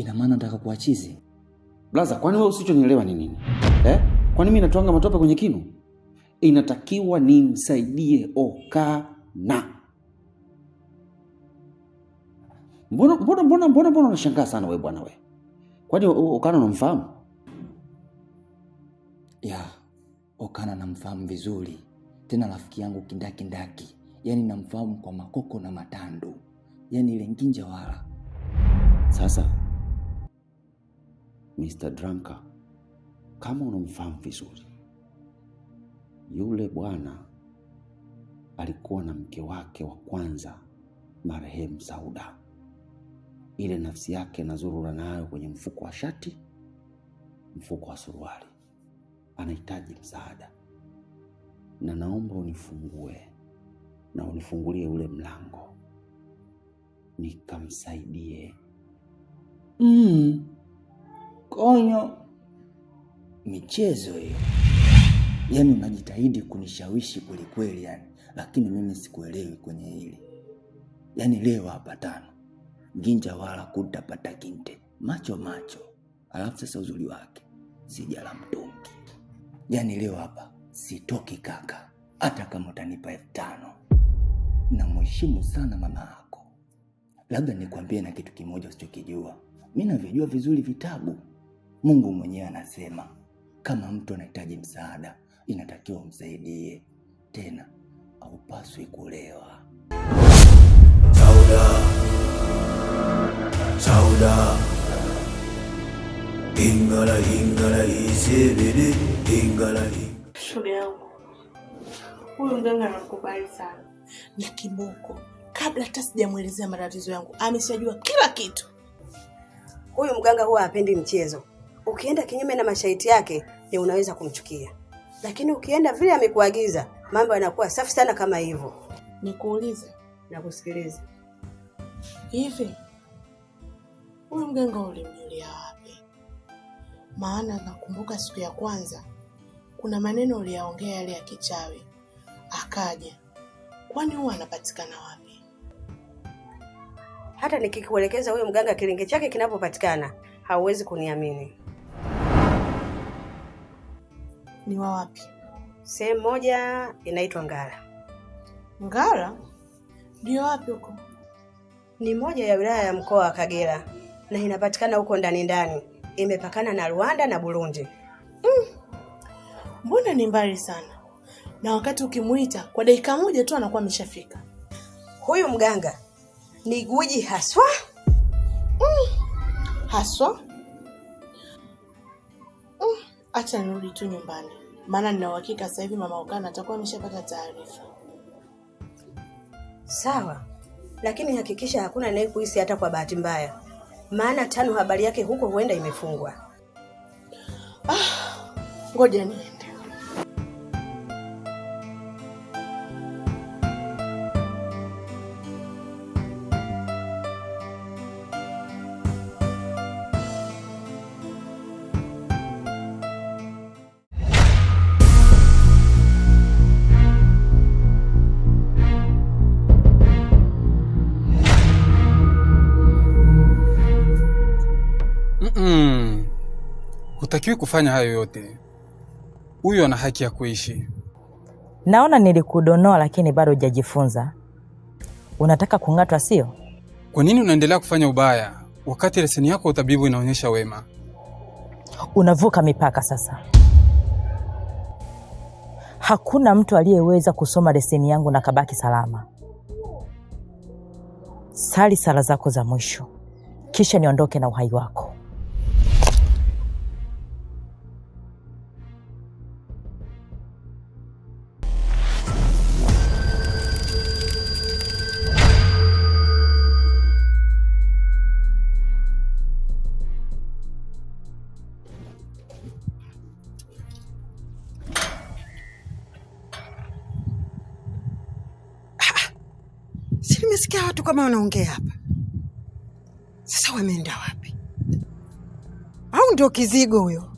Ina maana nataka kuachizi blaza? Kwani wewe usichonielewa ni nini eh? Kwani mimi natwanga matope kwenye kinu? Inatakiwa nimsaidie Okana. Mbona mbona mbona mbona mbona unashangaa sana wewe bwana wewe, kwani Okana unamfahamu? Ya, Okana namfahamu vizuri, tena rafiki yangu kindakindaki, yaani namfahamu kwa makoko na matandu, yaani ile nginja wala sasa Mr. Drunker, kama unamfahamu vizuri, yule bwana alikuwa na mke wake wa kwanza marehemu Sauda. Ile nafsi yake nazurura nayo kwenye mfuko wa shati, mfuko wa suruali. Anahitaji msaada, na naomba unifungue na unifungulie ule mlango nikamsaidie. mm konyo michezo hiyo. Yani unajitahidi kunishawishi kwelikweli yani, lakini mimi sikuelewi kwenye hili yani. Leo hapa tano nginja wala kutapata kinte macho macho, alafu sasa uzuri wake sijala mtungi. Yani leo hapa sitoki kaka, hata kama utanipa elfu tano. sana mama yako. Labda nikwambie na kitu kimoja usichokijua, mi navyojua vizuri vitabu Mungu mwenyewe anasema kama mtu anahitaji msaada, inatakiwa umsaidie, tena haupaswi kulewa. Sauda, Sauda ingala ingala isebele ingala. Shule yangu huyu mganga anakubali sana, na kiboko. Kabla hata sijamwelezea matatizo yangu ameshajua kila kitu. Huyu mganga huwa hapendi mchezo ukienda kinyume na mashaiti yake ni unaweza kumchukia, lakini ukienda vile amekuagiza mambo yanakuwa safi sana kama hivyo. Nikuulize, nakusikiliza. Hivi huyu mganga ulimjulia wapi? Maana nakumbuka siku ya kwanza kuna maneno uliyaongea yale ya kichawi, akaja. Kwani huwa anapatikana wapi? Hata nikikuelekeza huyo mganga kilinge chake kinapopatikana hauwezi kuniamini. ni wa wapi? Sehemu moja inaitwa Ngara. Ngara ndio wapi huko? Ni moja ya wilaya ya mkoa wa Kagera na inapatikana huko ndani ndani, imepakana na Rwanda na Burundi. Mm. ni mbali sana, na wakati ukimuita kwa dakika moja tu anakuwa ameshafika. Huyu mganga ni guji haswa. Mm. Haswa. Mm. Acha nirudi tu nyumbani maana nina uhakika sasa hivi mama Okana atakuwa ameshapata taarifa. Sawa, lakini hakikisha hakuna anayekuhisi hata kwa bahati mbaya, maana tano habari yake huko huenda imefungwa. Ah, ngojani hatakiwi kufanya hayo yote. Huyu ana haki ya kuishi. Naona nilikudonoa, lakini bado hujajifunza. Unataka kung'atwa, sio? Kwa nini unaendelea kufanya ubaya wakati leseni yako ya utabibu inaonyesha wema? Unavuka mipaka sasa. Hakuna mtu aliyeweza kusoma leseni yangu na kabaki salama. Sali sala zako za mwisho, kisha niondoke na uhai wako. tunaongea hapa sasa, wameenda wapi? Au ndio kizigo huyo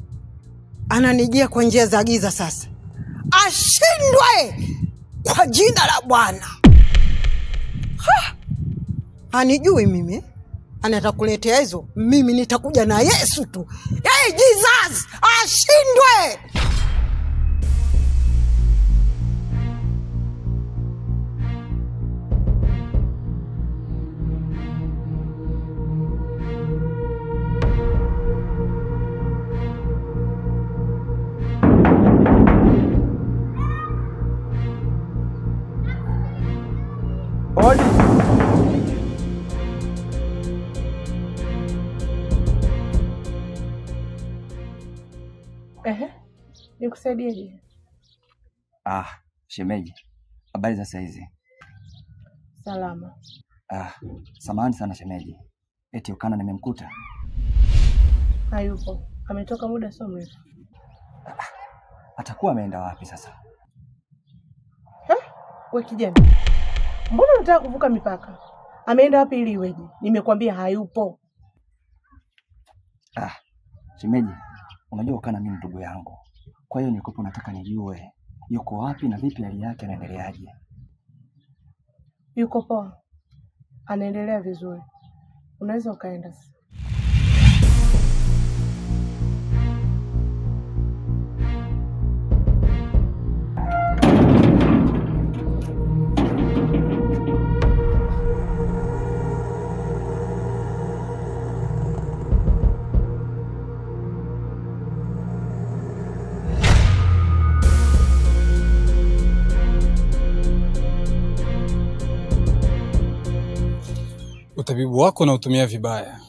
ananijia kwa njia za giza? Sasa ashindwe kwa jina la Bwana. Anijui mimi, anatakuletea hizo. Mimi nitakuja na Yesu tu. Hey, Jesus ashindwe. Nikusaidieje? Ah, shemeji, habari za saizi? Salama. Ah, samahani sana shemeji, eti Ukana nimemkuta hayupo, ametoka muda sio mrefu. Ah, atakuwa ameenda wapi sasa? We kijana, mbona unataka kuvuka mipaka? Ameenda wapi ili iweje? Nimekwambia hayupo. Ah, shemeji, unajua Ukana mimi ndugu yangu kwa hiyo nilikuwa nataka nijue yuko wapi na vipi hali yake, anaendeleaje? Yuko poa, anaendelea vizuri, unaweza ukaenda sasa. utabibu wako unautumia vibaya.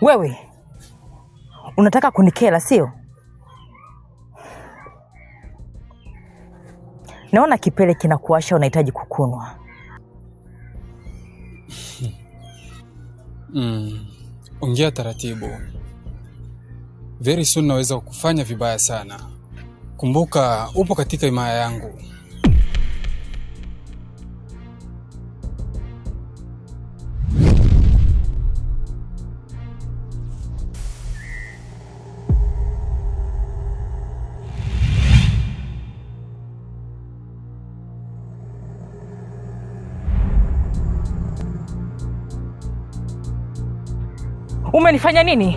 Wewe unataka kunikela, sio? Naona kipele kinakuasha, unahitaji kukunwa. Mm, ongea taratibu. Very soon naweza kukufanya vibaya sana. Kumbuka upo katika himaya yangu. Umenifanya nini?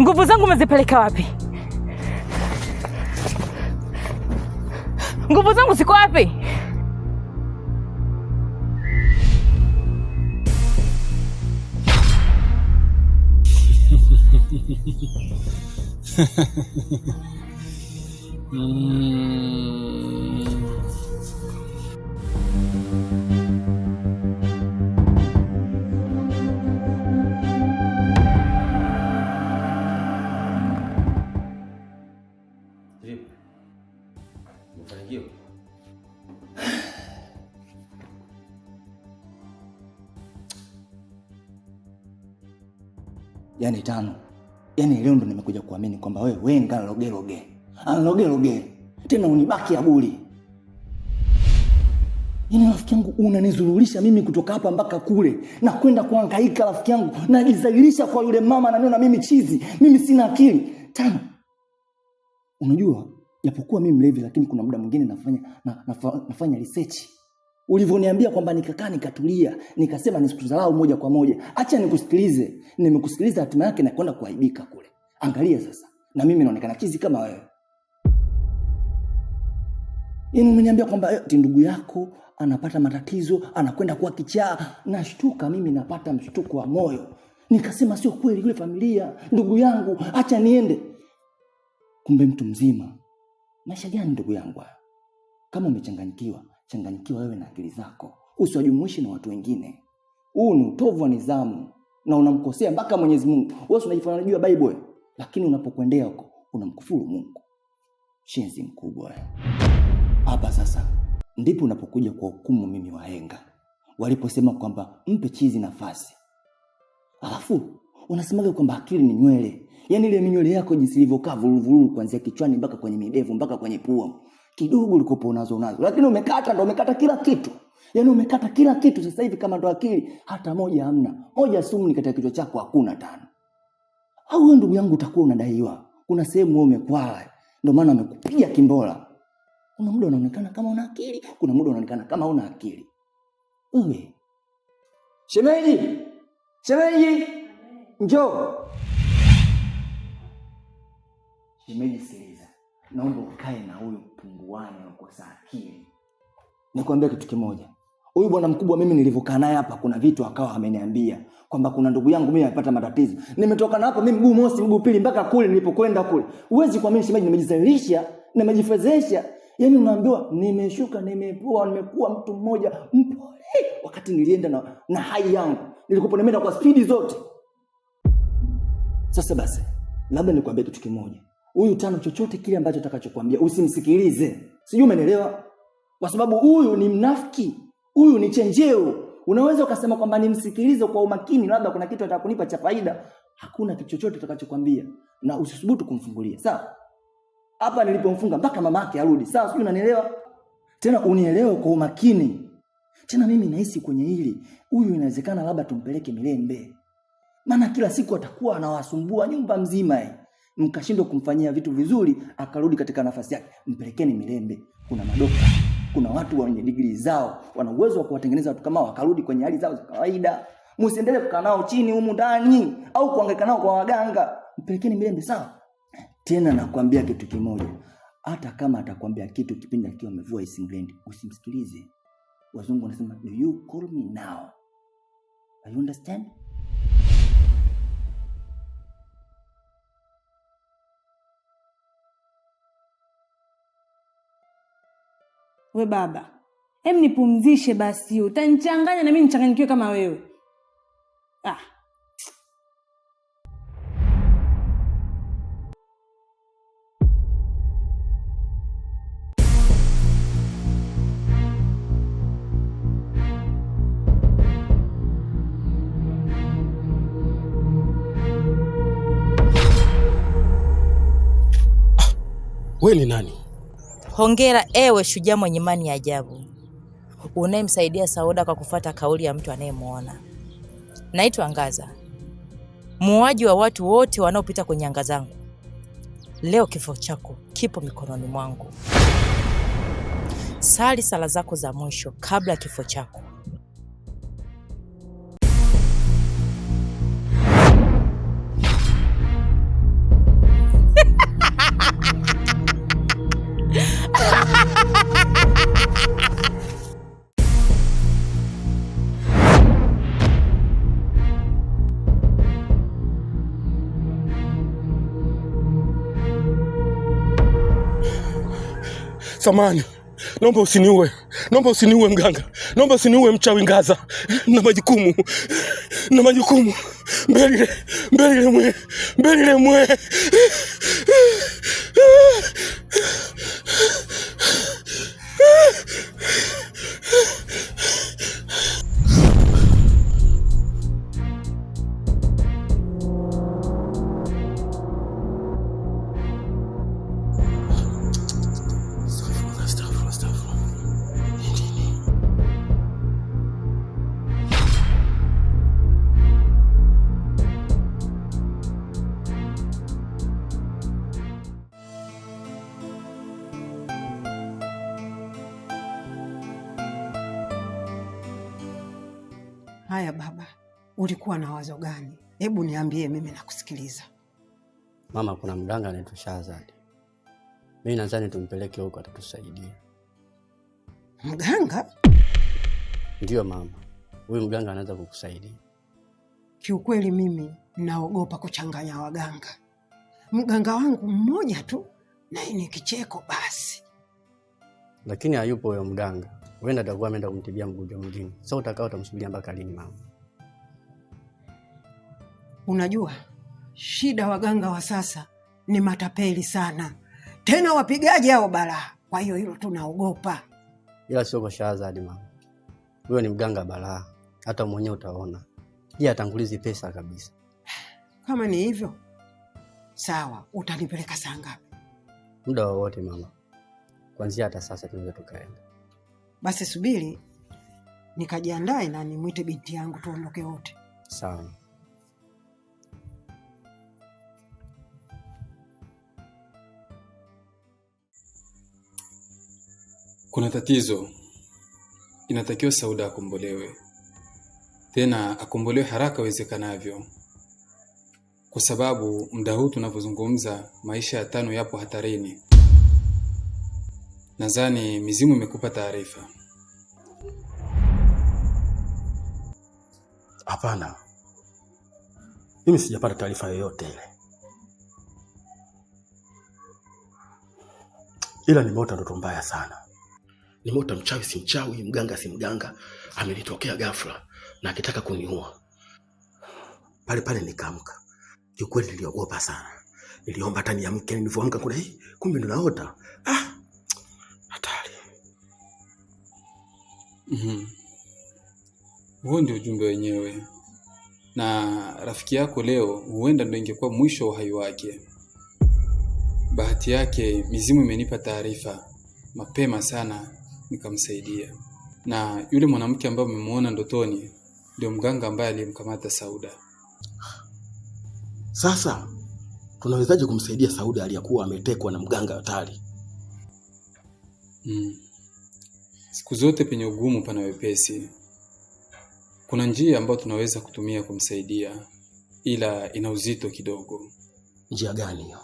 Nguvu zangu umezipeleka wapi? Nguvu zangu ziko wapi? mm. yani tano. Yani leo ndo nimekuja kuamini kwamba wewe wenga logeloge ah, loge. tena unibaki abuli. Yaani rafiki yangu unanizurulisha mimi kutoka hapa mpaka kule na kwenda kuhangaika, rafiki yangu najizalilisha kwa yule mama naniona mimi chizi, mimi sina akili tano. Unajua, japokuwa mimi mlevi, lakini kuna muda mwingine nafanya, na, nafanya research ulivyoniambia kwamba nikakaa nikatulia, nikasema nisikudharau moja kwa moja, acha nikusikilize. Nimekusikiliza, hatima yake nakwenda kuaibika kule. Angalia sasa, na mimi naonekana chizi kama wewe. yani umeniambia kwamba eh, ti ndugu yako anapata matatizo, anakwenda kuwa kichaa. Nashtuka mimi, napata mshtuko wa moyo, nikasema sio kweli, yule familia ndugu yangu, acha niende. Kumbe mtu mzima. Maisha gani ndugu yangu haya? Kama umechanganyikiwa changanyikiwa wewe na akili zako, usiwajumuishi na watu wengine. Huu ni utovu wa nidhamu na unamkosea mpaka Mwenyezi Mungu. Wewe unajifanya unajua Bible, lakini unapokwendea huko unamkufuru Mungu. Shenzi mkubwa hapa. Sasa ndipo unapokuja kwa hukumu. Mimi wahenga waliposema kwamba mpe chizi nafasi, alafu unasemaga kwamba akili ni nywele, yaani ile minywele yako jinsi ilivyokaa vuruvuru kuanzia kichwani mpaka kwenye midevu mpaka kwenye pua kidogo ulikopo unazo unazo, lakini umekata, ndo umekata kila kitu yaani umekata kila kitu. Sasa hivi kama ndo akili hata moja hamna, moja sumni katika kichwa chako hakuna tano. Au wewe ndugu yangu utakuwa unadaiwa, kuna sehemu wewe umekwala, ndio maana amekupiga kimbola. Kuna muda unaonekana kama una akili, kuna muda unaonekana kama una akili. Wewe shemeji, shemeji, njoo shemeji, sikiliza naomba ukae na huyu mpunguani anakosa akili. Nikwambia kitu kimoja, huyu bwana mkubwa, mimi nilivyokaa naye hapa, kuna vitu akawa ameniambia kwamba kuna ndugu yangu mimi amepata matatizo. Nimetoka na hapa mimi mguu mosi mguu pili mpaka kule nilipokwenda kule. Huwezi kuamini shemeji, nimejizalisha nimejifezesha. Yaani unaambiwa nimeshuka, nimepoa, nimekuwa mtu mmoja mpole. Wakati nilienda na, na hai yangu nilikuwa nimeenda kwa spidi zote. Sasa basi, labda nikwambie kitu kimoja huyu tano chochote kile ambacho atakachokuambia usimsikilize. Sijui umenielewa? Kwa sababu huyu ni mnafiki, huyu ni chenjeo. Unaweza ukasema kwamba nimsikilize kwa umakini, labda kuna kitu atakunipa cha faida. Hakuna kitu chochote atakachokwambia, na usisubutu kumfungulia. Sawa, hapa nilipomfunga mpaka mama yake arudi. Sawa, sijui unanielewa? Tena unielewe kwa umakini. Tena mimi nahisi kwenye hili, huyu inawezekana labda tumpeleke Milembe, maana kila siku atakuwa anawasumbua nyumba mzima eh mkashindwa kumfanyia vitu vizuri, akarudi katika nafasi yake, mpelekeni Milembe. Kuna madokta, kuna watu wenye digrii zao, wana uwezo wa kuwatengeneza watu kama wakarudi kwenye hali zao za kawaida. Msiendelee kukaa nao chini humu ndani au kuangaika nao kwa waganga, mpelekeni Milembe. Sawa? Tena nakwambia kitu kimoja, hata kama atakwambia kitu kipindi akiwa amevua isingrendi, usimsikilize. Wazungu wanasema do you call me now? you understand? we baba, hem nipumzishe basi, utanichanganya na mimi nichanganyikiwe kama wewe ah. We ni nani? Hongera ewe shujaa mwenye imani ya ajabu, unayemsaidia Sauda kwa kufata kauli ya mtu anayemwona. Naitwa Ngaza, muuaji wa watu wote wanaopita kwenye anga zangu. Leo kifo chako kipo mikononi mwangu. Sali sala zako za mwisho kabla ya kifo chako. Samani, naomba usiniue, naomba usiniue mganga, naomba usiniue mchawi Ngaza, na majukumu na majukumu mbele mbele mwe mbele mwe ulikuwa na wazo gani? Hebu niambie, mimi nakusikiliza. Mama, kuna mganga anaitwa Shahazadi, mimi nadhani tumpeleke huko, atatusaidia. Mganga? Ndiyo mama, huyu mganga anaweza kukusaidia. Kiukweli mimi naogopa kuchanganya waganga. Mganga wangu mmoja tu naye ni kicheko basi, lakini hayupo huyo mganga, huenda atakuwa ameenda kumtibia mgonjwa mwingine. Sasa so, utamsubiria mpaka lini mama? Unajua shida waganga wa sasa ni matapeli sana, tena wapigaji hao balaa. Kwa hiyo hilo tunaogopa, ila sio kwa Shahazadi. Mama huyo ni mganga balaa, hata mwenyewe utaona je, atangulizi pesa kabisa. Kama ni hivyo sawa, utanipeleka saa ngapi? Muda wowote mama, kwanzia hata sasa tunaweza tukaenda. Basi subiri nikajiandae na nimwite binti yangu tuondoke wote. Sawa. Kuna tatizo, inatakiwa Sauda akombolewe, tena akombolewe haraka iwezekanavyo, kwa sababu muda huu tunavyozungumza, maisha ya Tano yapo hatarini. Nadhani mizimu imekupa taarifa. Hapana, mimi sijapata taarifa yoyote ile, ila nimeota ndoto mbaya sana nimeota mchawi si mchawi, mganga si mganga, amenitokea ghafla na akitaka kuniua. Pale pale nikaamka, kiukweli niliogopa sana, niliomba hata niamke. Nilivyoamka kuna hii, kumbe ndo naota. Ah, hatari. mm huo Ndio ujumbe wenyewe, na rafiki yako leo huenda ndo ingekuwa mwisho wa uhai wake. Bahati yake mizimu imenipa taarifa mapema sana nikamsaidia. Na yule mwanamke ambaye umemuona ndotoni ndio mganga ambaye aliyemkamata Sauda. Sasa tunawezaje kumsaidia Sauda aliyakuwa ametekwa na mganga hatari? Mm. Siku zote penye ugumu pana wepesi. Kuna njia ambayo tunaweza kutumia kumsaidia, ila ina uzito kidogo. Njia gani hiyo?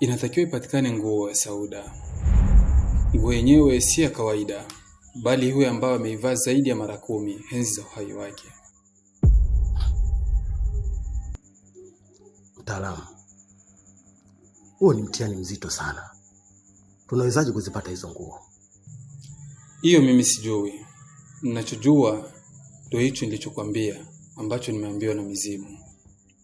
Inatakiwa ipatikane nguo ya Sauda wenyewe si ya kawaida, bali yule ambaye ameivaa zaidi ya mara kumi enzi za uhai wake. Mtaalamu, huo ni mtihani mzito sana. Tunawezaje kuzipata hizo nguo? Hiyo mimi sijui. Ninachojua ndio hicho nilichokwambia ambacho nimeambiwa na mizimu.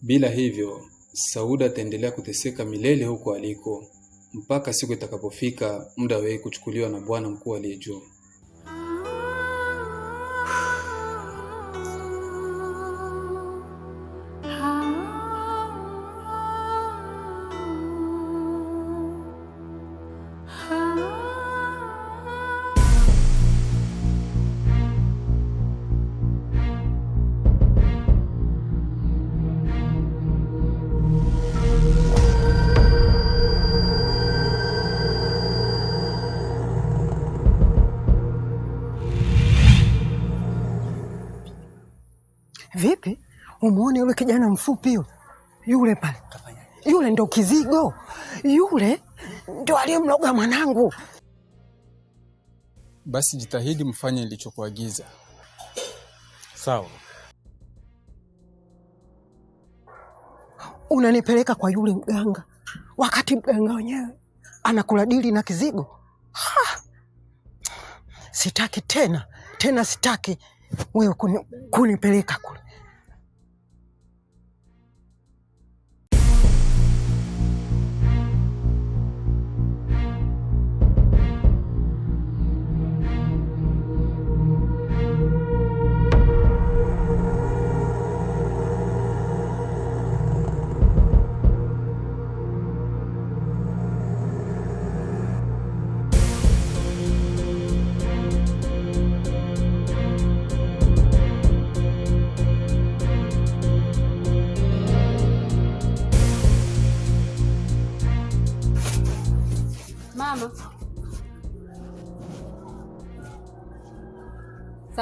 Bila hivyo, Sauda ataendelea kuteseka milele huko aliko mpaka siku itakapofika muda wewe kuchukuliwa na Bwana mkuu aliye juu. Vipi, umuone yule kijana mfupi yule yule pale? Yule ndo kizigo, yule ndo aliyemloga mwanangu. Basi jitahidi mfanye nilichokuagiza, sawa? Unanipeleka kwa yule mganga wakati mganga wenyewe anakula dili na kizigo ha! Sitaki tena tena, sitaki wewe kunipeleka kuni kule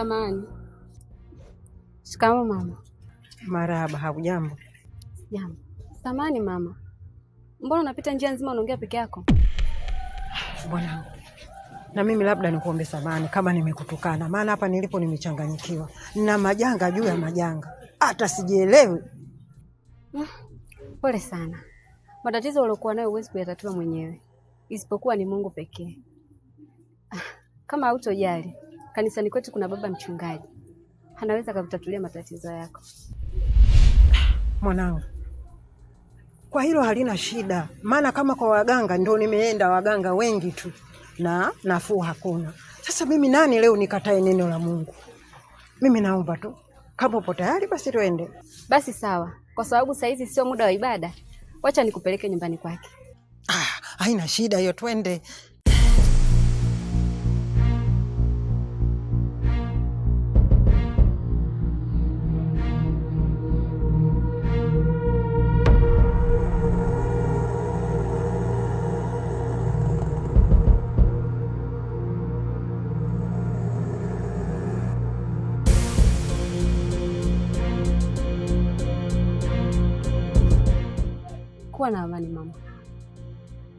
Samani. Shikamo mama. Marahaba. Haujambo? Jambo. Samani mama, mbona unapita njia nzima unaongea peke yako? Bwana, na mimi labda nikuombe samani kama nimekutukana, maana hapa nilipo nimechanganyikiwa na majanga juu ya majanga, hata sijielewi. Ah, pole sana, matatizo uliokuwa nayo huwezi kuyatatua mwenyewe, isipokuwa ni Mungu pekee. Ah, kama hautojali Kanisani kwetu kuna baba mchungaji, anaweza akakutatulia matatizo yako mwanangu. Kwa hilo halina shida, maana kama kwa waganga ndo nimeenda, waganga wengi tu na nafuu hakuna. Sasa mimi nani leo nikatae neno la Mungu? Mimi naomba tu, kama upo tayari basi tuende. Basi sawa, kwa sababu saa hizi sio muda wa ibada, wacha nikupeleke nyumbani kwake. Ah, haina shida hiyo, twende.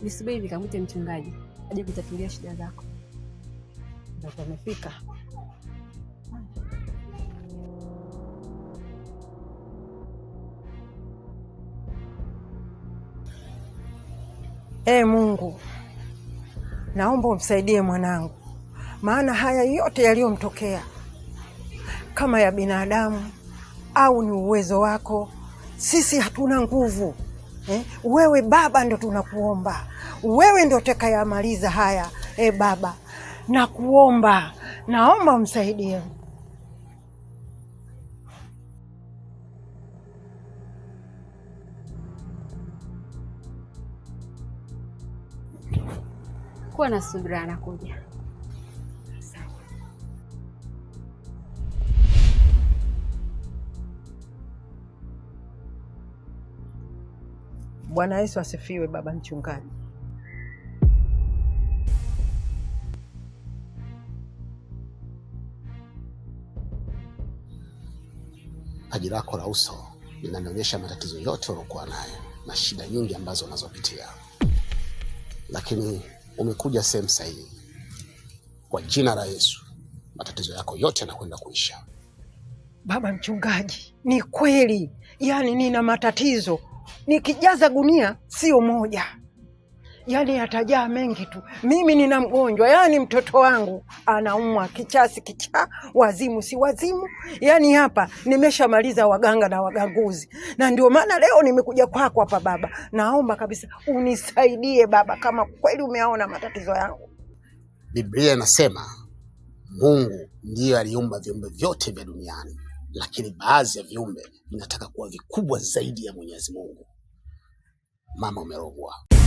Nisubiri nikamwite mchungaji aje kutatulia shida zako. Ndio amefika. Ee eh, Mungu, naomba umsaidie mwanangu, maana haya yote yaliyomtokea kama ya binadamu au ni uwezo wako, sisi hatuna nguvu eh? Wewe Baba ndo tunakuomba wewe, ndo utakayamaliza haya eh, Baba nakuomba, naomba umsaidie kuwa na subira, anakuja Bwana Yesu asifiwe, baba mchungaji. Paji lako la uso linanionyesha matatizo yote uliokuwa nayo na shida nyingi ambazo unazopitia, lakini umekuja sehemu sahihi. Kwa jina la Yesu, matatizo yako yote yanakwenda kuisha. Baba mchungaji, ni kweli, yaani nina matatizo nikijaza gunia sio moja, yani yatajaa mengi tu. Mimi nina mgonjwa, yani mtoto wangu anaumwa kichaa si kichaa, wazimu si wazimu. Yani hapa nimeshamaliza waganga na waganguzi, na ndio maana leo nimekuja kwako hapa baba. Naomba kabisa unisaidie baba, kama kweli umeaona matatizo yangu. Biblia inasema Mungu ndiyo aliumba viumbe vyote vya duniani lakini baadhi ya viumbe vinataka kuwa vikubwa zaidi ya Mwenyezi Mungu. Mama, umerogwa.